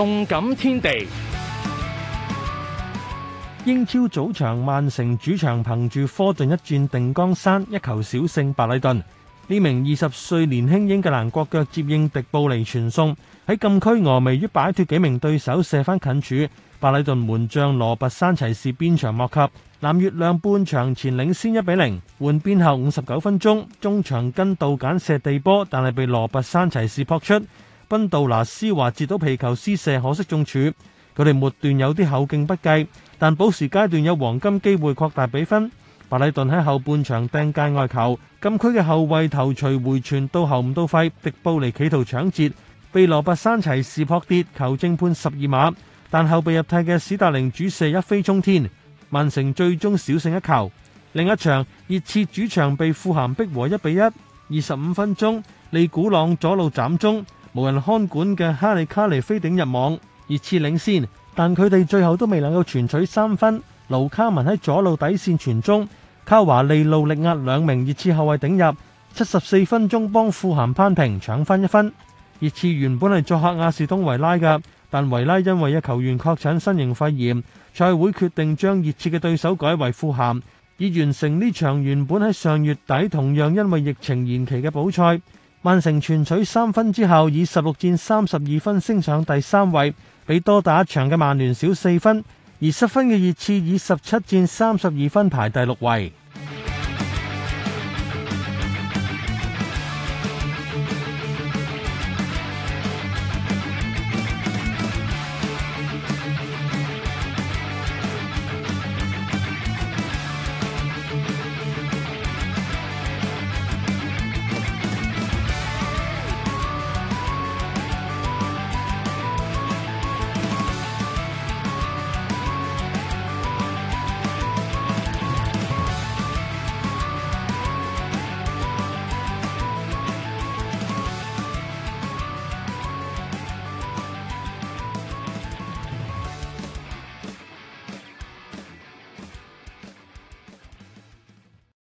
動感天地。英超早場，曼城主場憑住科頓一傳定江山，一球小勝白禮頓。呢名二十歲年輕英格蘭國腳接應迪布尼傳送，喺禁區峨眉於擺脫幾名對手射翻近處。白禮頓門將羅拔山齊士鞭長莫及，藍月亮半場前領先一比零。換邊後五十九分鐘，中場根度簡射，射地波，但係被羅拔山齊士撲出。賓道拿斯華接到皮球施射，可惜中柱。佢哋末段有啲後勁不繼，但補時階段有黃金機會擴大比分。白禮頓喺後半場掟界外球，禁區嘅後衛頭錘回傳到喉唔到肺，迪布尼企圖搶截，被羅伯山齊士撲跌，球證判十二碼。但後備入替嘅史達寧主射一飛沖天，曼城最終小勝一球。另一場熱刺主場被富咸迫和一比一。二十五分鐘，利古朗左路斬中。無人看管嘅哈利卡尼飛頂入網，熱刺領先，但佢哋最後都未能夠全取三分。盧卡文喺左路底線傳中，卡華利路力壓兩名熱刺後衛頂入，七十四分鐘幫富咸扳平，搶翻一分。熱刺原本係作客亞士東維拉噶，但維拉因為有球員確診新型肺炎，賽會決定將熱刺嘅對手改為富咸，以完成呢場原本喺上月底同樣因為疫情延期嘅補賽。曼城全取三分之後以十六戰三十二分升上第三位，比多打一場嘅曼聯少四分；而失分嘅熱刺以十七戰三十二分排第六位。